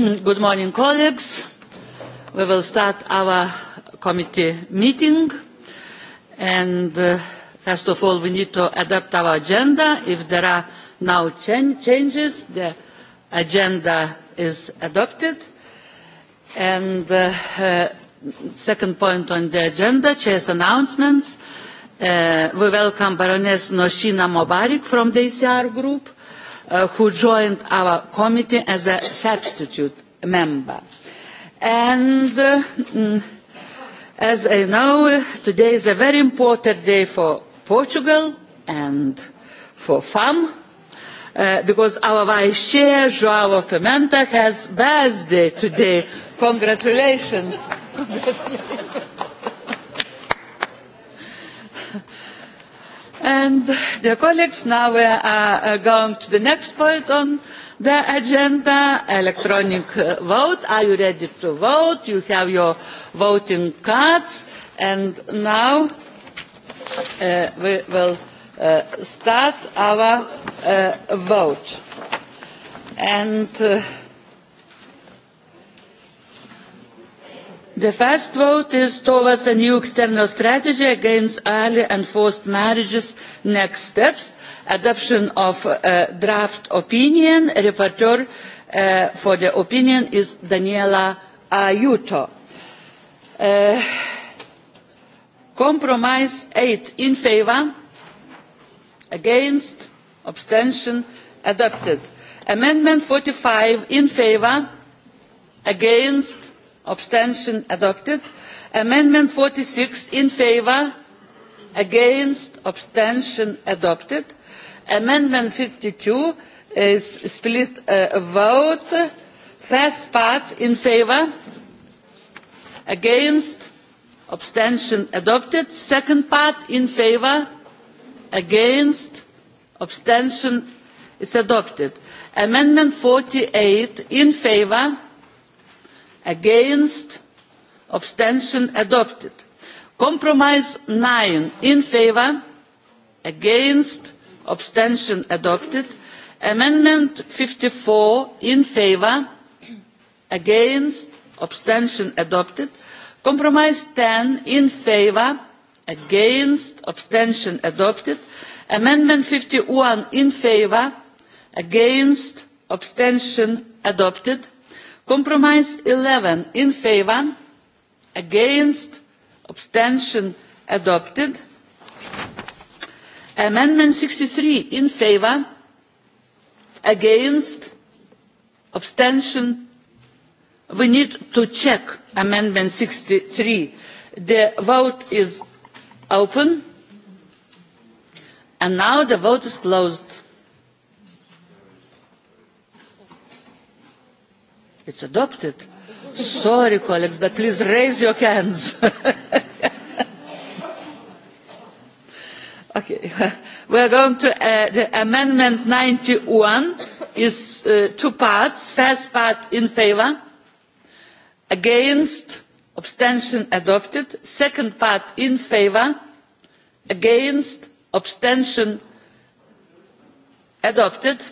good morning colleagues we will start our committee meeting and uh, first of all we need to adapt our agenda if there are now changes the agenda is adopted and uh, uh, second point on the agenda chair's announcements uh, we welcome baroness noshina mobarik from the ecr group Uh, who joined our committee as a substitute member. And uh, mm, as I know, today is a very important day for Portugal and for FAM, uh, because our Vice Chair, João Pimenta, has birthday today. Congratulations. Congratulations. And dear colleagues, now we are uh, going to the next point on the agenda, electronic uh, vote. Are you ready to vote? You have your voting cards. And now uh, we will uh, start our uh, vote. And uh, The first vote is towards a new external strategy against early and forced marriages. Next steps, adoption of a uh, draft opinion. Rapporteur uh, for the opinion is Daniela Ayuto. Uh, compromise 8 in favour, against, abstention, adopted. Amendment 45 in favour, against, abstention adopted amendment forty six in favour against abstention adopted amendment fifty two is split uh, vote first part in favour against abstention adopted second part in favour against abstention is adopted amendment forty eight in favour against abstention adopted compromise nine in favour against abstention adopted amendment fifty four in favour against abstention adopted compromise ten in favour against abstention adopted amendment fifty one in favour against abstention adopted compromise eleven in favour against abstention adopted amendment sixty three in favour against abstention we need to check amendment sixty three the vote is open and now the vote is closed It's adopted. Sorry, colleagues, but please raise your hands. okay. We are going to uh, the amendment 91 is uh, two parts. First part in favor, against, abstention adopted. Second part in favor, against, abstention adopted.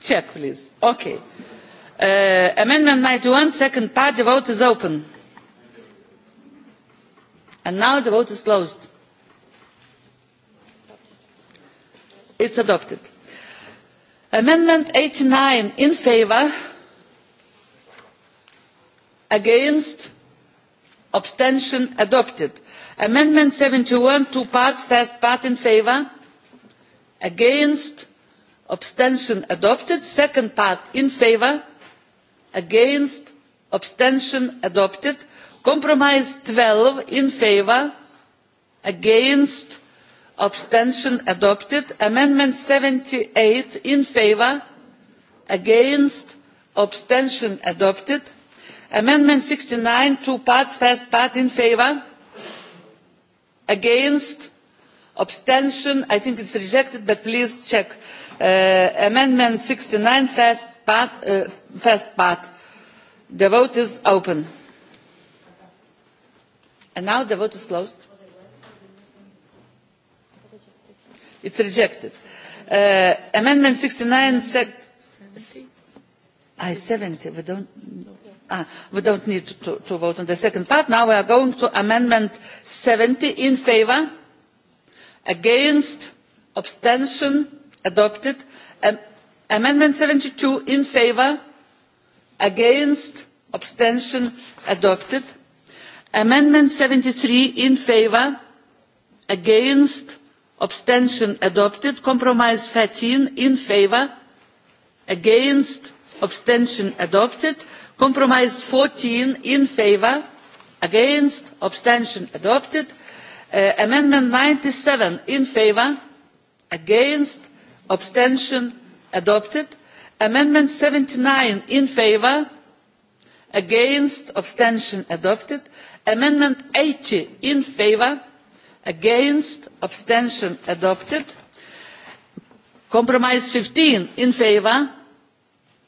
Check, please. Okay. Uh, amendment ninety one second part the vote is open and now the vote is closed. it is adopted. amendment eighty nine in favour against abstention adopted. amendment seventy one two parts first part in favour against abstention adopted second part in favour against abstention adopted compromise twelve in favour against abstention adopted amendment seventy eight in favour against abstention adopted amendment sixty nine two parts first part in favour against abstention i think it is rejected but please check. Uh, amendment sixty nine uh, first part the vote is open and now the vote is closed it's rejected uh, amendment sixty nine sec i seventy we don't Ah, we don't need to, to vote on the second part. Now we are going to amendment 70 in favour, against, abstention, adopted amendment seventy two in favour against abstention adopted amendment seventy three in favour against abstention adopted compromise thirteen in favour against abstention adopted compromise fourteen in favour against abstention adopted uh, amendment ninety seven in favour against abstention adopted amendment seventy nine in favour against abstention adopted amendment eighty in favour against abstention adopted compromise fifteen in favour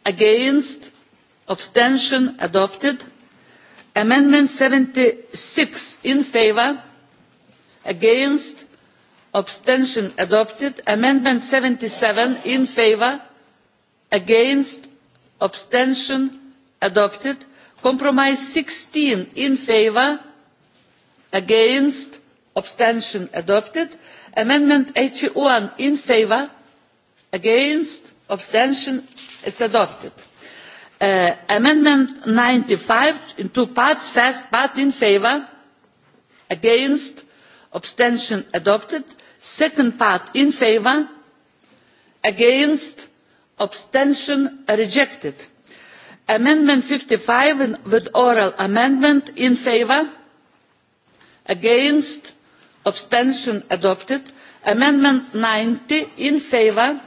against abstention adopted amendment seventy six in favour against abstention adopted amendment seventy seven in favour against abstention adopted compromise sixteen in favour against abstention adopted amendment eighty one in favour against abstention adopted. Uh, amendment ninety five in two parts first part in favour against abstention adopted second part in favour against abstention rejected amendment fifty five with oral amendment in favour against abstention adopted amendment ninety in favour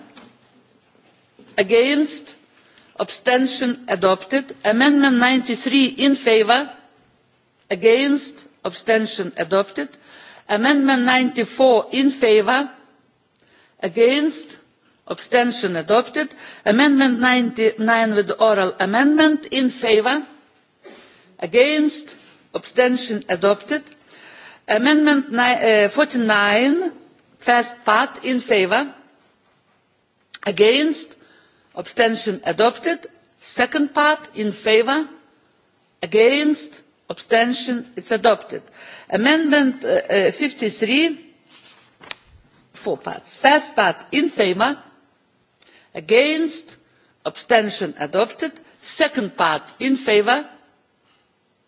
against abstention adopted amendment ninety three in favour against abstention adopted amendment ninety four in favour against abstention adopted amendment ninety nine with oral amendment in favour against abstention adopted amendment uh, forty nine first part in favour against abstention adopted second part in favour against abstention it is adopted. amendment uh, uh, fifty three four parts first part in favour against abstention adopted second part in favour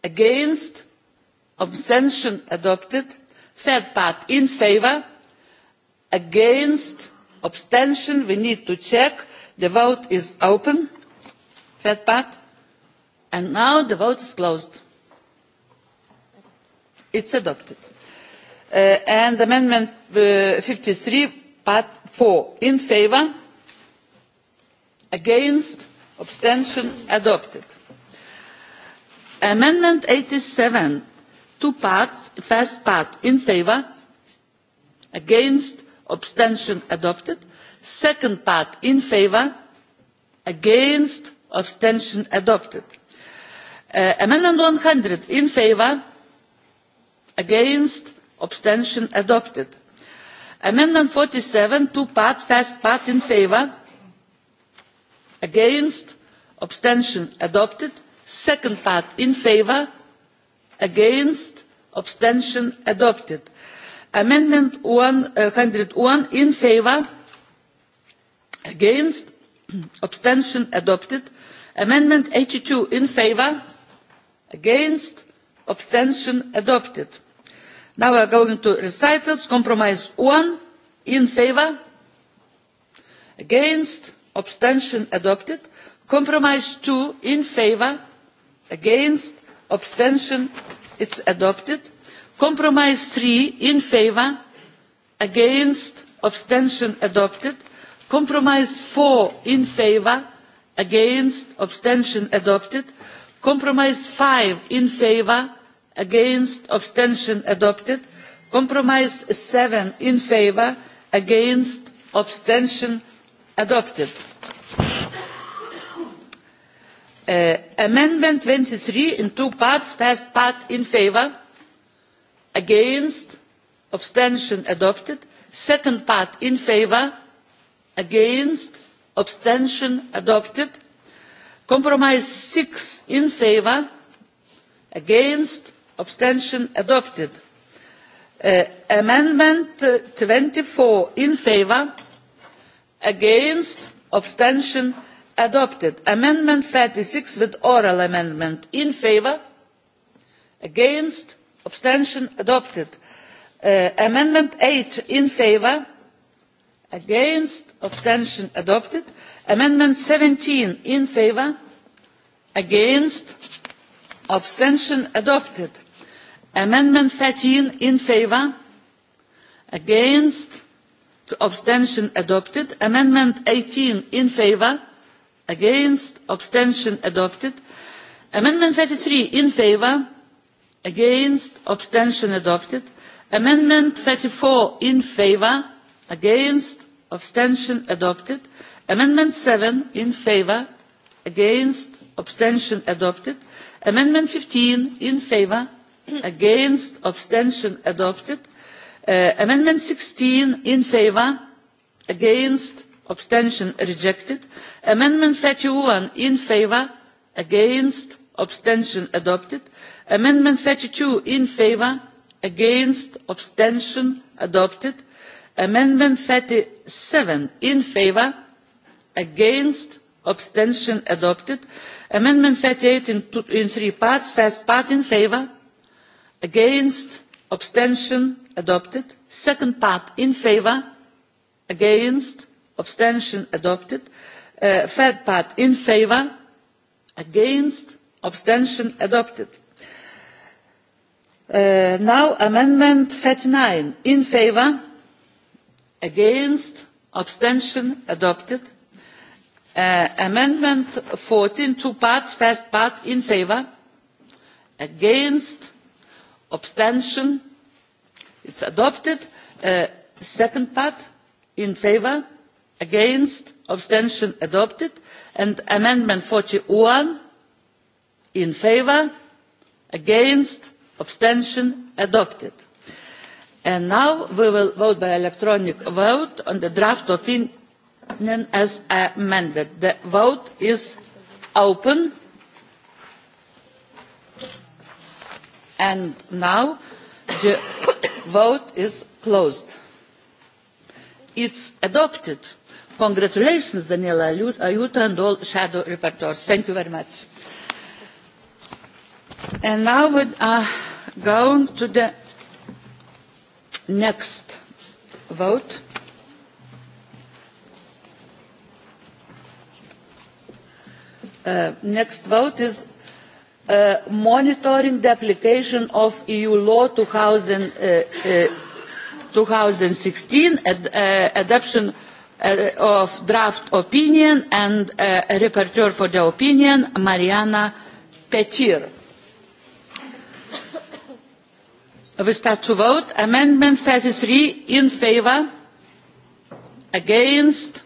against abstention adopted third part in favour against abstention we need to check the vote is open third part and now the vote is closed it is adopted. Uh, and amendment uh, fifty three part four in favour, against, abstention, adopted. Amendment eighty seven two parts, first part, in favour, against, abstention, adopted. Second part, in favour, against, abstention, adopted. Uh, amendment one hundred in favour, against abstention adopted amendment forty seven two part first part in favour against abstention adopted second part in favour against abstention adopted amendment one uh, hundred and one in favour against abstention adopted amendment eighty two in favour against abstention adopted. now we are going to recitals compromise one in favour against abstention adopted compromise two in favour against abstention it is adopted compromise three in favour against abstention adopted compromise four in favour against abstention adopted compromise five in favour against abstention adopted compromise seven in favour against abstention adopted uh, amendment twenty three in two parts first part in favour against abstention adopted second part in favour against abstention adopted compromise six in favour against abstention adopted uh, amendment uh, twenty four in favour against abstention adopted amendment thirty six with oral amendment in favour against abstention adopted uh, amendment eight in favour against abstention adopted amendment seventeen in favour against abstention adopted Amendment 13 in favour, against, abstention adopted. Amendment 18 in favour, against, abstention adopted. Amendment 33 in favour, against, abstention adopted. Amendment 34 in favour, against, abstention adopted. Amendment 7 in favour, against, abstention adopted. Amendment 15 in favour, Uh, against abstention adopted amendment 16 in favour, against abstention rejected amendment 31 in favour, against abstention adopted amendment 32 in favour, against abstention adopted amendment 37 in favour, against abstention adopted amendment 38 in, in three parts first part in favour against abstention adopted second part in favour against abstention adopted uh, third part in favour against abstention adopted uh, now amendment thirty nine in favour against abstention adopted uh, amendment fourteen two parts first part in favour against abstention it is adopted. Uh, second part in favour against abstention adopted and amendment forty one in favour against abstention adopted. and now we will vote by electronic vote on the draft opinion as amended. the vote is open. and now the vote is closed. it's adopted. congratulations daniela aiuto and all shadow rapporteurs. thank you very much. and now we are uh, going to the next vote. Uh, next vote Uh, monitoring the application of EU law two thousand uh, uh, and sixteen adoption uh, of draft opinion and uh, rapporteur for the opinion, Mariana Petir. We start to vote. Amendment thirty three in favour, against,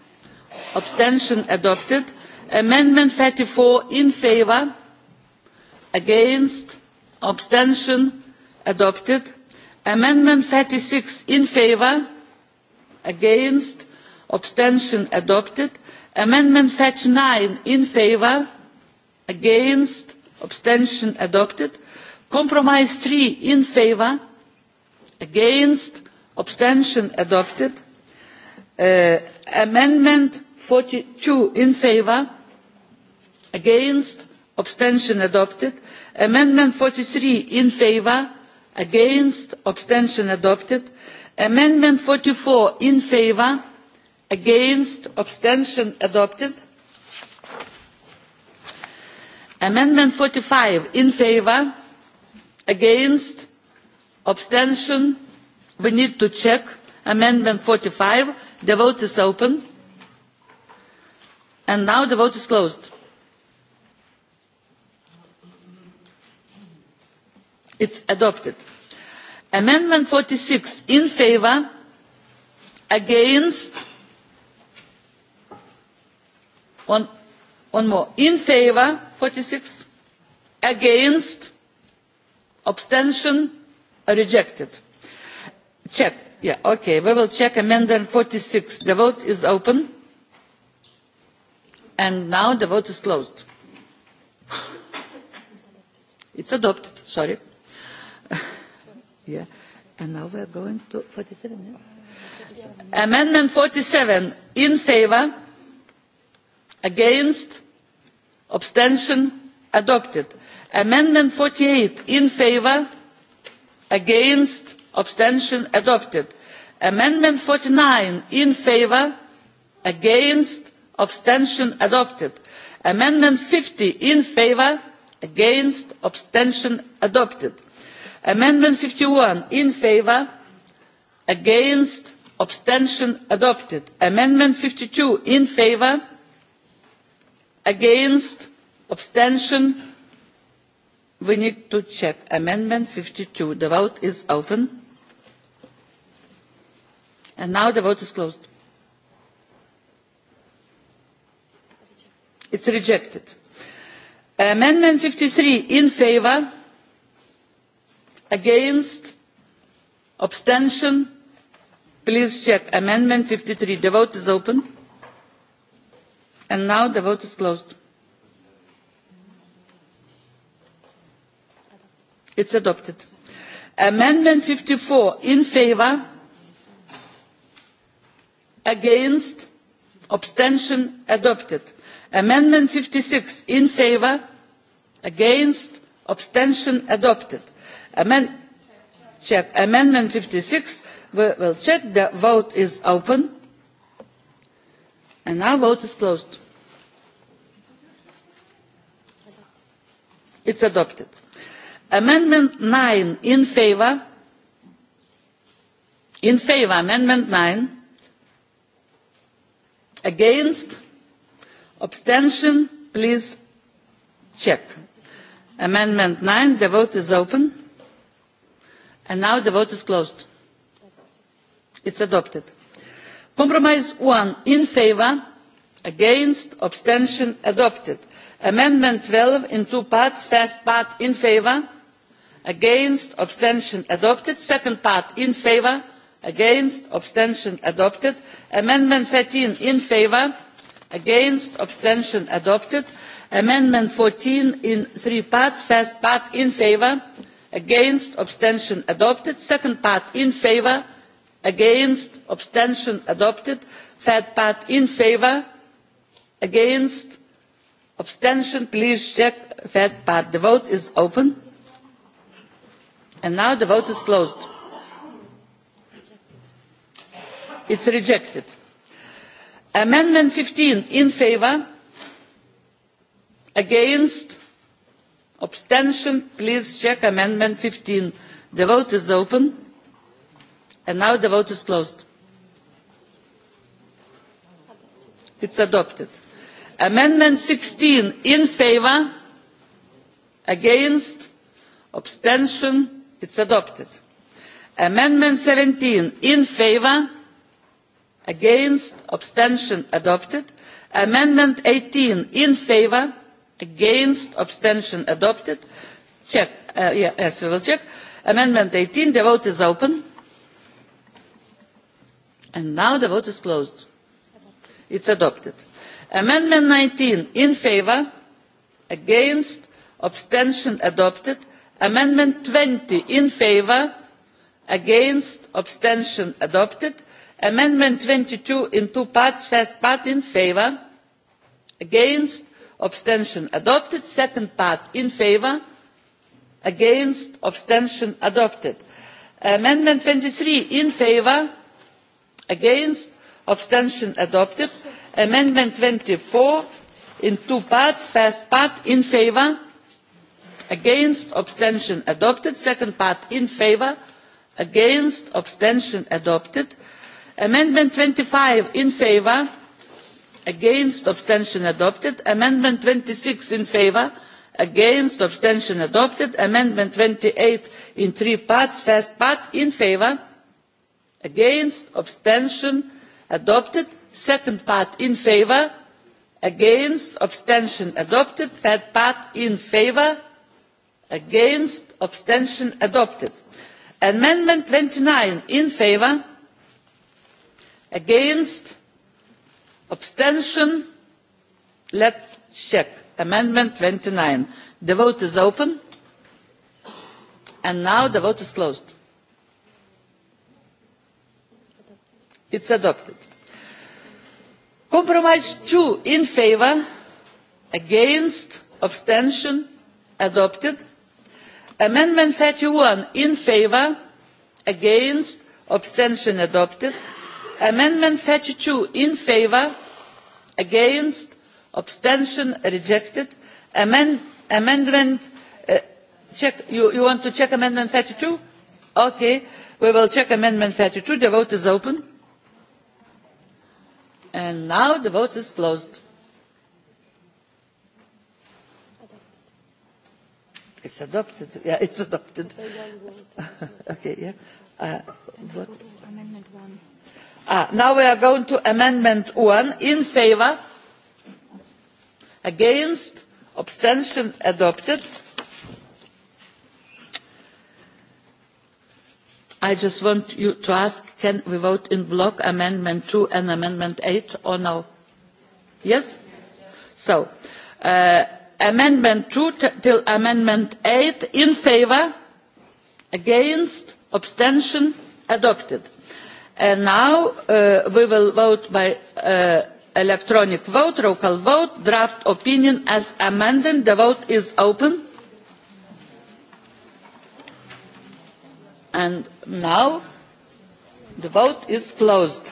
abstention adopted. Amendment thirty four in favour, against abstention adopted amendment thirty six in favour against abstention adopted amendment thirty nine in favour against abstention adopted compromise three in favour against abstention adopted uh, amendment forty two in favour against abstention adopted amendment forty three in favour against abstention adopted amendment forty four in favour against abstention adopted amendment forty five in favour against abstention we need to check amendment forty five the vote is open and now the vote is closed is adopted amendment forty six in favour against one, more in favour forty six against abstention rejected check yeah okay we will check amendment forty six the vote is open and now the vote is closed it is adopted sorry yeah. And now we are going to 47. Yeah? Amendment 47 in favor, against, abstention, adopted. Amendment 48 in favor, against, abstention, adopted. Amendment 49 in favor, against, abstention, adopted. Amendment 50 in favor, against, abstention, adopted amendment fifty one in favour against abstention adopted amendment fifty two in favour against abstention we need to check amendment fifty two the vote is open and now the vote is closed it's rejected amendment fifty three in favour against abstention please check amendment fifty three the vote is open and now the vote is closed it's adopted amendment fifty four in favour against abstention adopted amendment fifty six in favour against abstention adopted Amend check. Amendment 56. We will check. The vote is open. And now vote is closed. It's adopted. Amendment nine in favor. In favor, Amendment nine Against? Abstention? Please check. Amendment nine the vote is open. And now the vote is closed. It's adopted. Compromise 1 in favour, against, abstention adopted. Amendment 12 in two parts. First part in favour, against, abstention adopted. Second part in favour, against, abstention adopted. Amendment 13 in favour, against, abstention adopted. Amendment 14 in three parts. First part in favour, against abstention adopted second part in favour against abstention adopted third part in favour against abstention please check third part the vote is open and now the vote is closed it is rejected amendment fifteen in favour against abstention please check amendment fifteen the vote is open and now the vote is closed it's adopted amendment sixteen in favour against abstention it's adopted amendment seventeen in favour against abstention adopted amendment eighteen in favour against abstention adopted uh, yes we will check amendment eighteen the vote is open and now the vote is closed it is adopted amendment nineteen in favour against abstention adopted amendment twenty in favour against abstention adopted amendment twenty two in two parts first part in favour against abstention adopted second part in favour against abstention adopted amendment twenty three in favour against abstention adopted amendment twenty four in two parts first part in favour against abstention adopted second part in favour against abstention adopted amendment twenty five in favour against abstention adopted amendment twenty six in favour against abstention adopted amendment twenty eight in three parts first part in favour against abstention adopted second part in favour against abstention adopted third part in favour against abstention adopted amendment twenty nine in favour against abstention let's check amendment twenty nine the vote is open and now the vote is closed it is adopted compromise two in favour against abstention adopted amendment thirty one in favour against abstention adopted amendment thirty two in favour against abstention rejected amendment uh, you, want to check amendment thirty two okay we will check amendment thirty two the vote is open and now the vote is closed it's adopted yeah it's adopted okay yeah uh, what? amendment one Ah, now we are going to amendment one in favour against abstention adopted i just want you to ask can we vote in block amendment two and amendment eight or no yes so uh, amendment two till amendment eight in favour against abstention adopted And uh, now uh, we will vote by uh, electronic vote, roll call vote, draft opinion as amended. The vote is open. And now the vote is closed.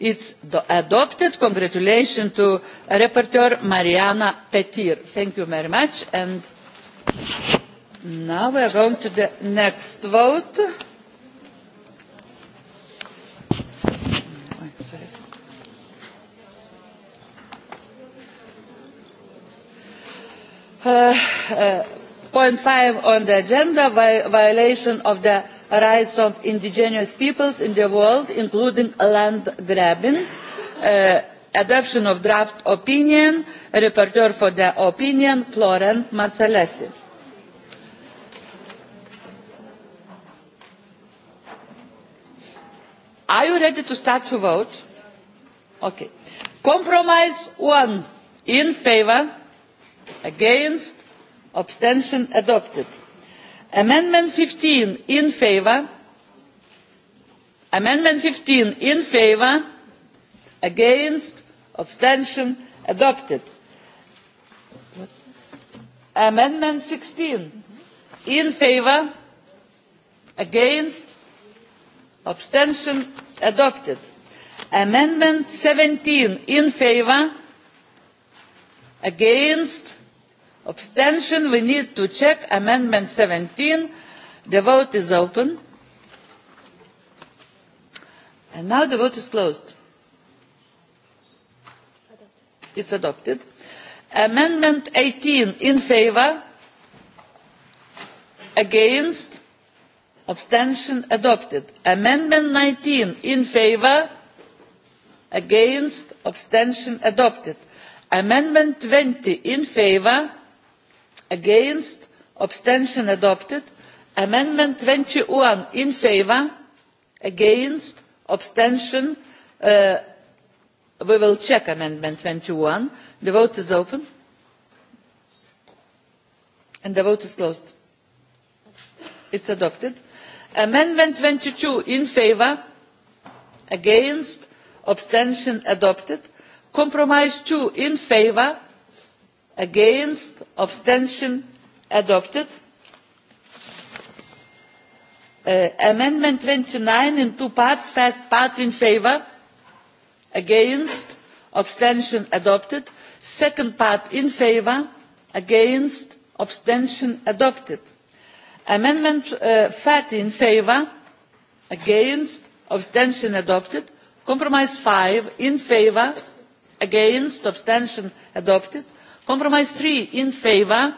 it's adopted. congratulations to rapporteur mariana petir. thank you very much and Now we are going to the next vote. Uh, uh point five on the agenda violation of the rights of indigenous peoples in the world including land grabbing uh, adoption of draft opinion rapporteur for the opinion florent marcellesi. Are you ready to start to vote? Okay. Compromise one. In favor? Against? Abstention adopted. Amendment 15 in favor? Amendment 15 in favor? Against? Abstention adopted. Amendment 16 in favor? Against? abstention adopted amendment seventeen in favour against abstention we need to check amendment seventeen the vote is open and now the vote is closed it is adopted amendment eighteen in favour against abstention adopted amendment nineteen in favour against abstention adopted amendment twenty in favour against abstention adopted amendment twenty one in favour against abstention uh, we will check amendment twenty one the vote is open and the vote is closed it is adopted amendment twenty two in favour against abstention adopted compromise two in favour against abstention adopted uh, amendment twenty nine in two parts first part in favour against abstention adopted second part in favour against abstention adopted amendment uh, thirty in favour against abstention adopted compromise five in favour against abstention adopted compromise three in favour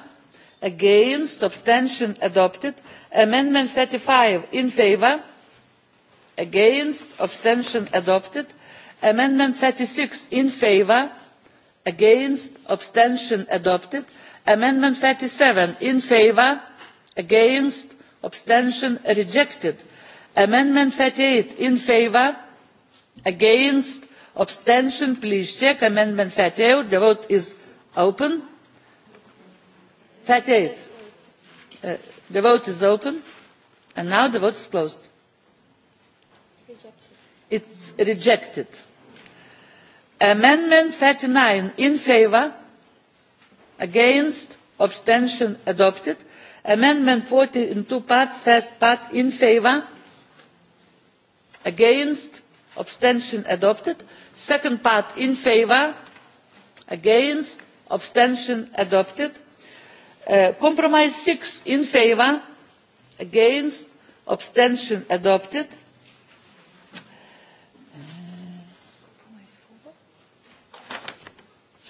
against abstention adopted amendment thirty five in favour against abstention adopted amendment thirty six in favour against abstention adopted amendment thirty seven in favour against abstention rejected amendment thirty eight in favour against abstention please check amendment thirty eight the vote is open thirty eight uh, the vote is open and now the vote is closed it is rejected amendment thirty nine in favour against abstention adopted amendment forty in two parts first part in favour against abstention adopted second part in favour against abstention adopted uh, compromise six in favour against abstention adopted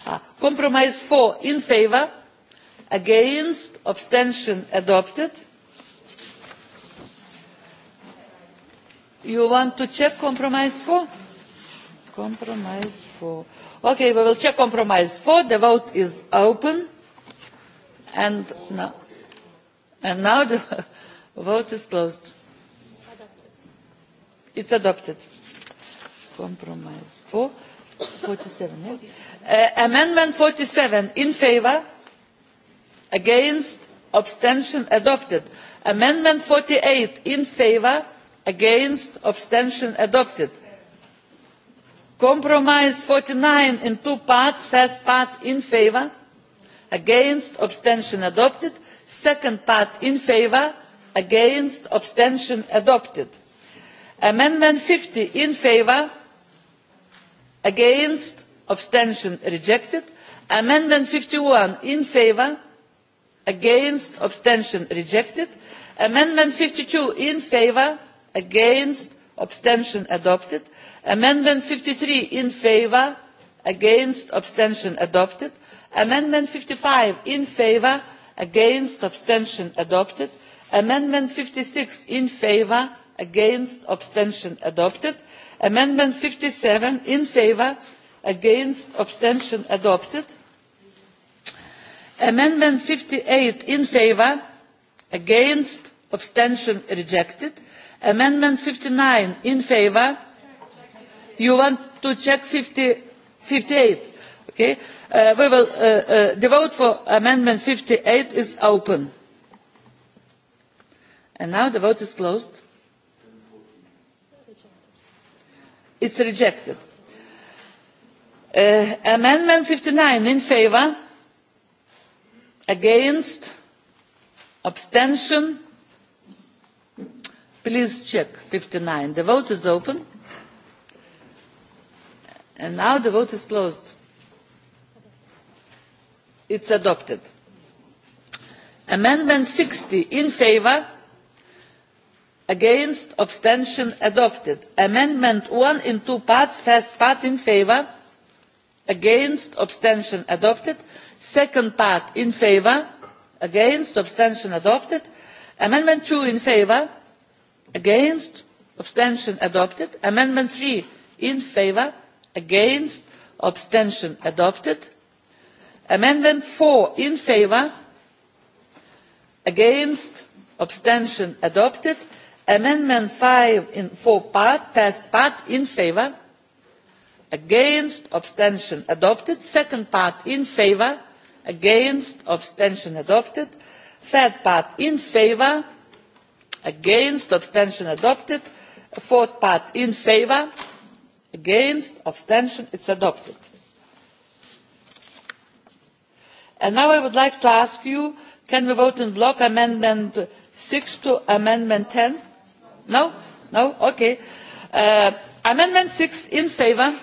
uh, compromise four in favour against abstention adopted you want to check compromise four compromise four okay we will check compromise four the vote is open and now and now the vote is closed it's adopted compromise four 47 yeah? uh, amendment 47 in favor against abstention adopted amendment forty eight in favour against abstention adopted compromise forty nine in two parts first part in favour against abstention adopted second part in favour against abstention adopted amendment fifty in favour against abstention rejected amendment fifty one in favour against abstention rejected amendment fifty two in favour against abstention adopted amendment fifty three in favour against abstention adopted amendment fifty five in favour against abstention adopted amendment fifty six in favour against abstention adopted amendment fifty seven in favour against abstention adopted amendment fifty eight in favour against abstention rejected amendment fifty nine in favour you want to check fifty eight okay uh, we will uh, uh, the vote for amendment fifty eight is open and now the vote is closed it's rejected amendment fifty nine in favour against abstention please check fifty nine the vote is open and now the vote is closed it is adopted amendment sixty in favour against abstention adopted amendment one in two parts first part in favour against abstention adopted second part in favour against abstention adopted amendment two in favour against abstention adopted amendment three in favour against abstention adopted amendment four in favour against abstention adopted amendment five in four part passed part in favour against abstention adopted second part in favour against abstention adopted third part in favour against abstention adopted fourth part in favour against abstention it is adopted. and now i would like to ask you can we vote in block amendment six to amendment ten? no? no? okay. Uh, amendment six in favour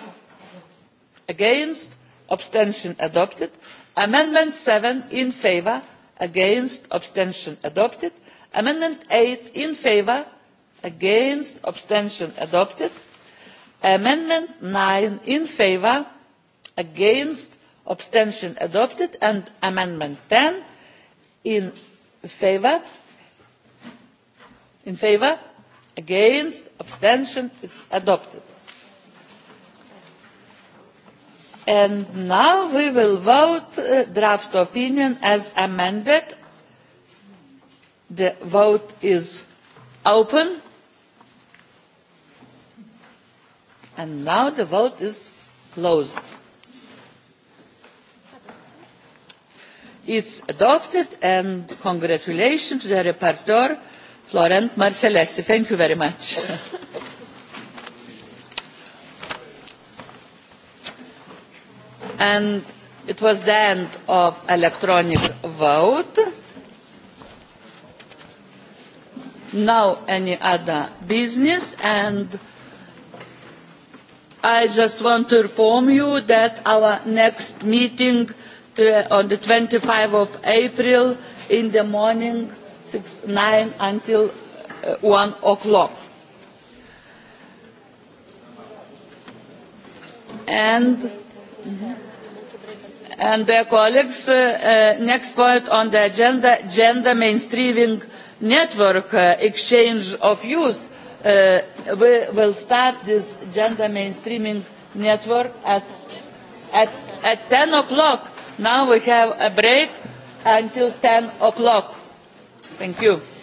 against abstention adopted amendment seven in favour against abstention adopted amendment eight in favour against abstention adopted amendment nine in favour against abstention adopted and amendment ten in favour against abstention is adopted. And now we will vote uh, draft opinion as amended. The vote is open. And now the vote is closed. It's adopted and congratulations to the rapporteur, Florent Marcellesi. Thank you very much. And it was the end of electronic vote. No any other business and I just want to inform you that our next meeting on the 25th of April in the morning, 6, 9 until uh, 1 o'clock. And... Mm -hmm and their colleagues. Uh, uh, next point on the agenda, gender mainstreaming network uh, exchange of youth. we will start this gender mainstreaming network at, at, at 10 o'clock. Now we have a break until ten o'clock. Thank you.